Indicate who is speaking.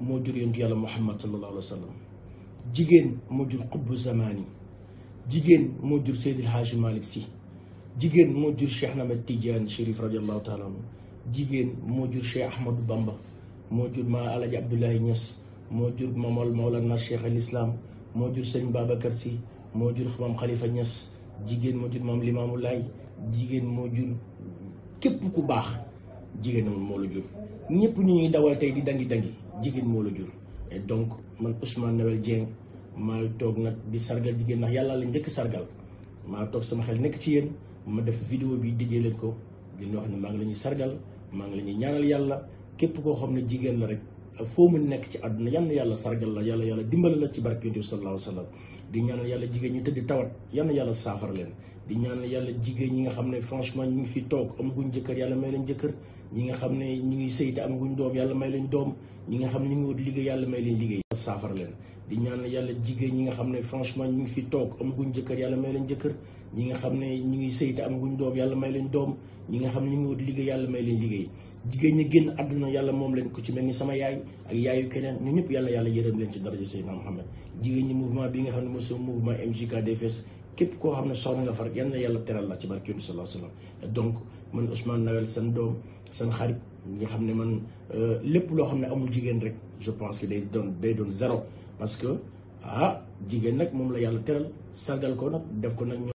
Speaker 1: موجود ينتي على محمد صلى الله عليه وسلم جيجين موجود قب زماني جيجين موجود سيد الحاج مالك سي جيجين موجود شيخ نمت تيجان شريف رضي الله تعالى عنه جيجين موجود شيخ أحمد بامبا موجود ما على عبد الله ينس موجود ممول مولانا الشيخ الإسلام موجود سيد بابا كرسي موجود خمام خليفة ينس جيجين موجود مام الإمام الله جيجين موجود كيف كوباخ jigéen moo la jur ñëpp ñu ñuy dawal tey di dangi dangi jigéen moo la jur et donc man Ousmane Noël Dieng maa toog nag di sargal jigéen ndax yàlla la njëkk sargal maa toog sama xel nekk ci yéen ma def vidéo bi déjee leen ko di leen wax ne maa ngi la ñuy sargal maa ngi la ñuy ñaanal yàlla képp koo xam ne jigéen la rek ak foo mën nekk ci àdduna yann yàlla sargal la yàlla yàlla dimbali la ci barke bi sallallahu alayhi wa sallam di ñaanal yàlla jigéen ñi tëdd tawat yann yàlla saafara di ñaanal yàlla jigéen ñi nga xam ne franchement ñu ngi fi toog amaguñ jëkkër yàlla may leen jëkkër ñi nga xam ne ñu ngi sëy te amaguñ doom yàlla may leen doom ñi nga xam ne ñu ngi wut liggéey yàlla may leen liggéey saafara di ñaan yàlla jigéen ñi nga xam ne franchement ñu ngi fi toog amaguñ jëkkër yàlla may leen jëkkër ñi nga xam ne ñu ngi sëy te amaguñ doom yàlla may leen doom ñi nga xam ne ñu ngi wut liggéey yàlla may leen liggéey jigéen ñi génn àdduna yàlla moom leen ko ci mel ni sama yaay ak yaayu keneen ñu ñëpp yàlla yàlla yërëm leen ci daraja Seydina Muhammad jigéen ñi mouvement bi nga xam ne mooy sama mouvement MJKDFS koo xam ne soxna nga far yal na yàlla teral la ci barke Yonent bi sallallahu alayhi seen doom seen xarit nga xam ne man euh, lépp loo xam ne amul jigéen rek je pense que day doon day doon zéro parce que ah jigéen nag moom la yàlla teral sargal ko nag def ko nag